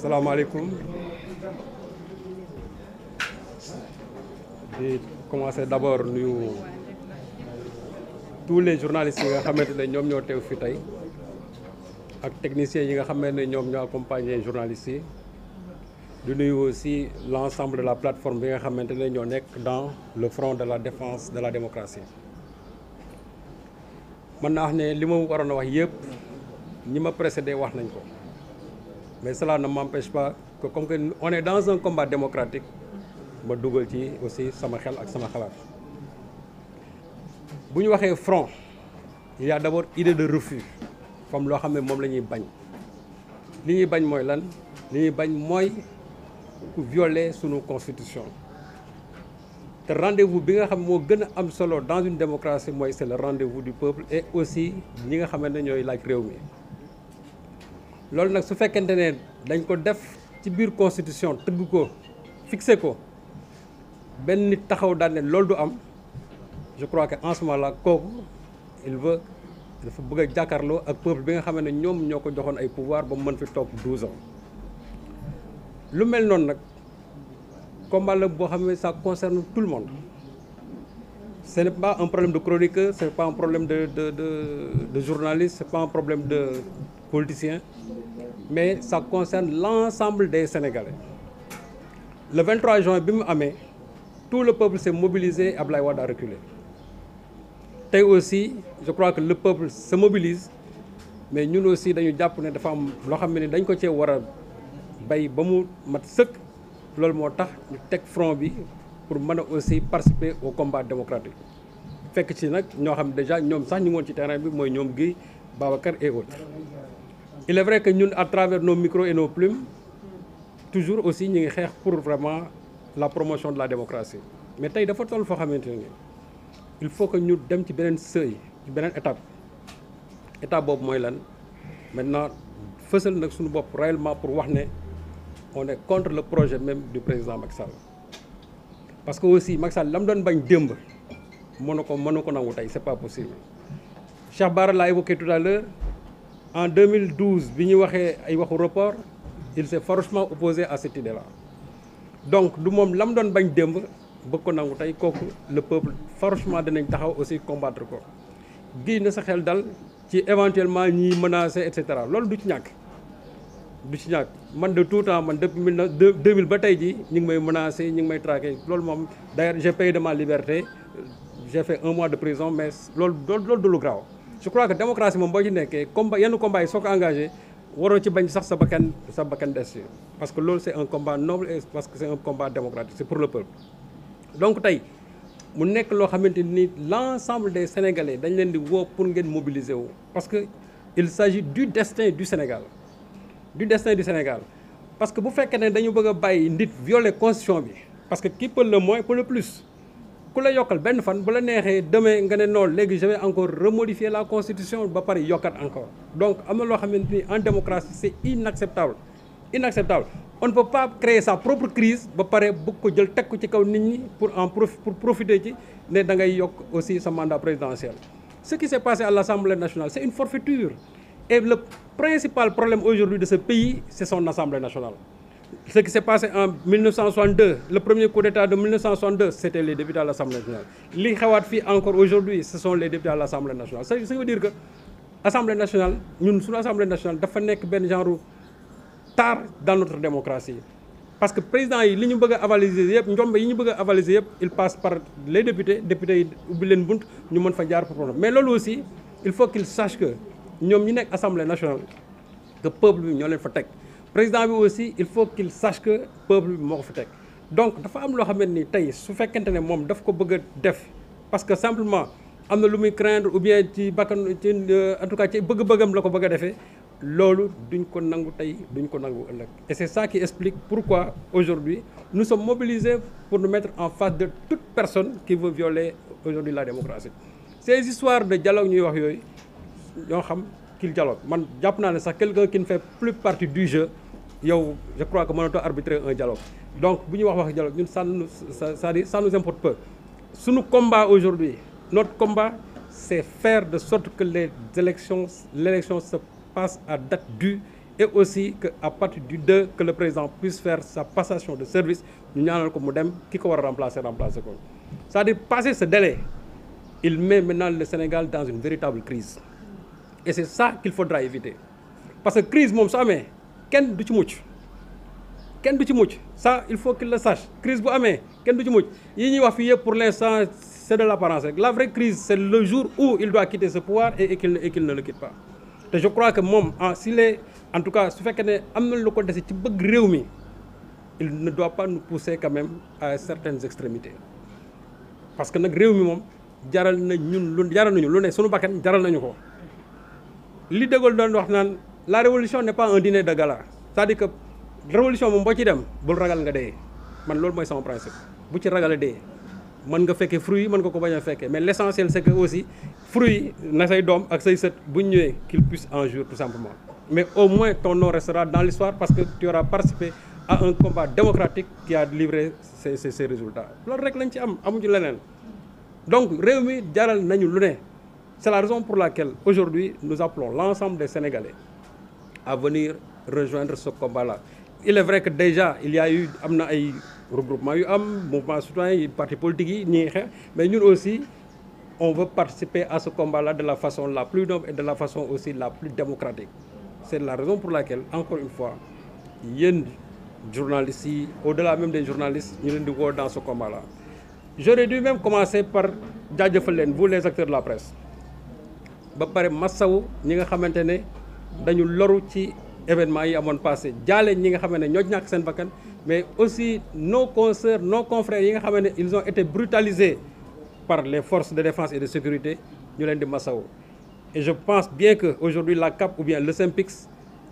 salaamaaleykum di commencer d'abord nuyu tous les journalistes yi nga xamante ne ñoom ñoo teew fi tey ak techniciens yi nga xamante ne ñoom ñoo accompagner journalistes yi. du nuyu aussi l' ensemble de la plateforme bi nga xamante ne ñoo nekk dans le front de la défense de la démocratie mën naa wax ne li ma waroon a wax yëpp ñi ma précédé wax nañ ko mais cela na m' empêche pas que comme que on est dans un combat démocratique ma dugal ci aussi sama xel ak sama xalaat bu ñu waxee front il y a d' abord idée de refus comme loo xam ne moom la ñuy bañ li ñuy bañ mooy lan li ñuy bañ mooy ku violer sunu constitution te rendez bi nga xam moo gën a am solo dans une démocratie mooy c'est le rendez du peuple et aussi ñi nga xamante ne ñooy laaj réew mi loolu nag su fekkente ne dañ ko def ci biir constitution tëgg ko fixé ko benn nit taxaw daal ne loolu du am je crois que en ce moment kooku il veut dafa bëgg a jàkkaarloo ak peuple bi nga xam ne ñoom ñoo ko joxoon ay pouvoir ba mu mën fi toog 12 lu mel noonu nag combat la boo xam ne ça concerne tout le monde ce n'est pas un problème de chroniqueur c'est pas un problème de de de de journaliste c'est pas un problème de politicien mais ça concerne l'ensemble des Sénégalais le 23 juin bi mu amee tout le peuple s'est mobilisé Ablaye Wade a reculé tey aussi je crois que le peuple se mobilise mais ñun aussi dañu jàpp ne dafa am loo xam ni dañ ko cee war a bay ba mu mat sëkk loolu moo tax ñu teg front bi pour mën a aussi participer au combat démocratique fekk ci nag ñoo xam déjà ñoom sax ñu ngoon ci terrain bi mooy ñoom gi Babacar et autres il est vrai que ñun à travers nos micros et nos plumes toujours aussi ñu ngi xeex pour vraiment la promotion de la démocratie mais tey dafa toll foo xamante ni il faut que ñu dem ci beneen seuil ci beneen étape état boobu mooy lan maintenant fësal nag suñu bopp réellement pour wax ne on est contre le projet même du président Macky Sall parce que aussi Macky Sall la mu doon bañ démb mënu ko mënu ko nangu tey c'est pas possible Cheikh Bara l'a évoqué tout à l'heure en 2012 bi ñu waxee ay waxu report il s'est farouchement opposé à cette idée là donc du moom la mu doon bañ démb bëgg ko nangu tey kooku le peuple farouchement dinañ taxaw aussi combattre ko gi na sa xel dal ci éventuellement ñiy menacer et cetera loolu du ci ñàkk du ci ñàkk man de tout temps man depuis mille neuf deux mille ba tey jii ñu ngi may menacé ñu ngi may traqué loolu moom d'ailleurs j'ai payé de ma liberté j'ai fait un mois de prison mais loolu loolu loolu du lu je crois que démocratie moom boo ci nekkee combat yenn combat yi soo ko engagé waroo ci bañ sax sa bakkan sa bakkan des ci parce que loolu c'est un combat noble et parce que c'est un combat démocratique c'est pour le peuple donc tey mu nekk loo xamante ni l'ensemble des Sénégalais dañ leen di woo pour ngeen mobiliser wu parce que il s'agit du Sénégal du destin du Sénégal parce que bu fekkee ne dañu bëgg a bàyyi ndit violer constitution bi parce que qui peut le moins peut le plus ku la yokkal benn fan bu la neexee demee nga ne noonu léegi je encore remodifier la constitution ba pare yokkat encore donc am na loo xamante ni en démocratie c'est inacceptable inacceptable on ne peut pas créer sa propre crise ba pare bëgg ko jël teg ko ci kaw nit ñi pour en prof pour profiter ci ne da ngay yokk aussi sa mandat présidentiel ce qui s'est passé à l'Assemblée Et le principal problème aujourd'hui de ce pays, c'est son Assemblée nationale. Ce qui s'est passé en 1962, le premier coup d'État de c'était les députés à l'Assemblée nationale. Li xewaat fii encore aujourd'hui, ce les députés à l'Assemblée nationale. Ça veut dire que Assemblée nationale ñun suñu Assemblée nationale dafa nekk benn genre tard dans notre démocratie parce que président yi li ñu bëgg a avaliser yëpp njombe yi ñu bëgg a avaliser yëpp il passe bunt ñu mën fa mais ñoom ñi nekk assemblée nationale que peuple bi ñoo leen fa teg président bi aussi il faut qu'il sache que peuple bi moo ko fa teg donc dafa am loo xamante ni tey su fekkente ne moom daf ko bëgg a def parce que simplement am na lu muy craindre ou bien ci bakkan ci euh, en tout cas ci bëgg-bëggam la ko bëgg defee loolu duñ ko nangu tey duñ ko nangu ëllëg et c'est ça qui explique pourquoi aujourd'hui nous sommes mobilisés pour nous mettre en face de tout personne qui veut violer aujourd'hui la démocratie ces histoires de dialogue ñuy wax yooyu ñoo xam qu'il dialogue man jàpp naa ne sax quelqu'un qui ne fait plus partie du jeu yow je crois que mënatoo arbitrer un dialogue donc bu ñu wax wax dialogue ñun ça nous c'est-à-dire ça nous importe peu suñu combat aujourd'hui notre combat c'est faire de sorte que les élections l'élection se passe à date due et aussi que à partir du 2 que le président puisse faire sa passation de service ñu ñaanal ko mu dem ki ko war a remplacer remplacer ko c'est-à-dire passer ce délai il met maintenant Sénégal dans une véritable et c'est ça qu'il faudra éviter parce que crise moom su amee kenn du ci mucc kenn du ci mucc ça il faut qu'il le sache crise bu amee kenn du ci mucc yi ñuy wax fii yëpp pour l'instant c'est de l'apparence rek la vrai crise c'est le jour où il doit quitter ce pouvoir a qu'il et qu'il ne le quitte pas te je crois que moom en ah, s'il est en tout cas su fekkee ne am na lu ko dese ci bëgg réew mi il ne doit pas nous pousser quand même à certaines extrémités parce que nag réew mi moom jaral na ñun lu jaral nañu lu ne sunu bakkan jaral nañu ko li De Gaulle doon wax naan la révolution n'est pas un dîner de gala c'est-à-dire que révolution moom boo ci dem bul ragal nga dee man loolu mooy sama principe bu ci ragal a dee mën nga fekkee fruit yi mën nga ko bañ a fekkee mais l'essentiel c'est que aussi fruit yi na say doom ak say sët bu ñu ñëwee qu'il puisse un jour tout simplement mais au moins ton nom restera dans l'histoire parce que tu auras participé à un combat démocratique qui a livré ses ses, ses résultats loolu rek lañ ci am amuñu leneen donc réew mi jaral nañu lu ne C'est la raison pour laquelle aujourd'hui nous appelons l'ensemble des Sénégalais à venir rejoindre ce combat-là. Il est vrai que déjà il y a eu am na ay regroupement yu am mouvement citoyen yi parti politique yi ñi xeex mais ñun aussi on veut participer à ce combat-là de la façon la plus noble et de la façon aussi la plus démocratique. C'est la raison pour laquelle encore une fois yéen journalistes yi au-delà même des journalistes ñu leen di woo dans ce combat-là. J'aurais par jaajëfal leen vous les acteurs la presse. ba pare massawu ñi nga xamante ne dañu loru ci événement yi amoon passé jaale ñi nga xam ne ñoo ñàkk seen bakkan mais aussi nos consoeurs nos confrères yi nga xam ne ils ont été brutalisés par les forces de défense et de sécurité ñu leen di massawu et je pense bien que aujourd'hui la CAP ou bien le SYNPICS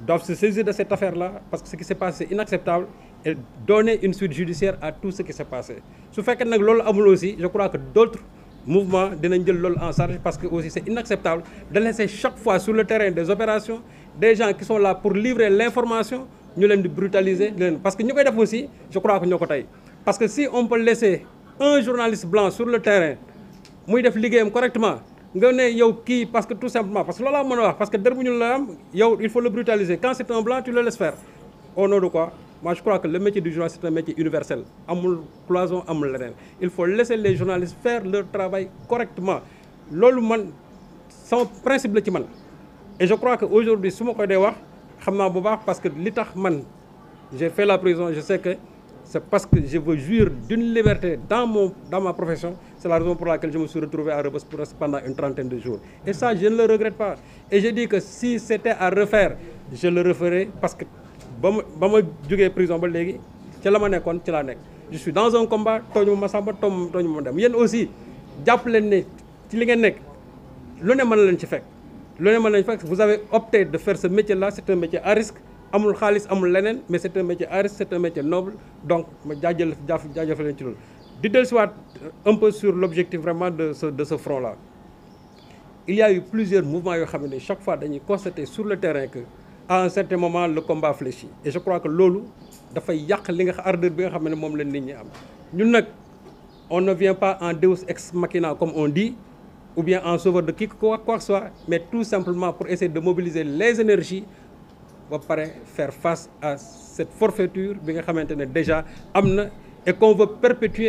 doivent se saisir de cette affaire-là parce que ce qui s'est passé inacceptable et donner une suite judiciaire à tout ce qui s'est passé su fekkee nag loolu amul aussi je que d'autres mouvement dinañ jël loolu en charge parce que aussi c'est inacceptable de laisser chaque fois sur le terrain des opérations des gens qui sont là pour livrer l'information ñu leen di brutaliser leen parce que ñu koy def aussi je crois que ñoo ko tey parce que si on peut laisser un journaliste blanc sur le terrain muy def liggéeyam correctement nga ne yow kii parce que tout simplement parce que loolaa mën a wax parce que der bu ñu yow il faut le brutaliser moi je crois que le métier du journaliste c'est un métier universel amul cloison amul leneen il faut laisser les journalistes faire leur travail correctement loolu man sama principe la ci man et je crois que aujourd'hui su ma ko dee wax xam naa bu baax parce que li tax man j'ai fait la prison je sais que c'est parce que je veux jouir d'une liberté dans mon dans ma profession c'est la raison pour laquelle je me suis retrouvé à Rebeuss pendant une trentaine parce que ba ma ba ma jógee prison ba léegi ci la ma nekkoon ci laa nekk je suis dans un combat tooñu ma Samba toom tooñu ma dem yéen aussi jàpp leen ne ci li ngeen nekk lu ne mën leen ci fekk lu ne mën leen ci fekk vous avez opté de faire ce métier là c'est un métier à risque amul xaalis amul leneen mais c'est un métier à risque c'est un métier noble donc ma jaajëf jaajëf leen ci loolu di dellusiwaat un peu sur l'objectif vraiment de ce de ce front là il a eu plusieurs mouvements yoo xam fois dañuy constater sur le terrain à un certain moment le combat fléchit et je crois que loolu dafay yàq li nga ardeur bi nga xam ne moom la nit ñi am ñun nag on ne vient pas en deus ex machina comme on dit ou bien en sauveur de qui quoi que ce soit mais tout simplement pour essayer de mobiliser les énergies ba pare faire face à cette forfaiture bi nga xamante ne déjà am na et qu'on veut perpétuer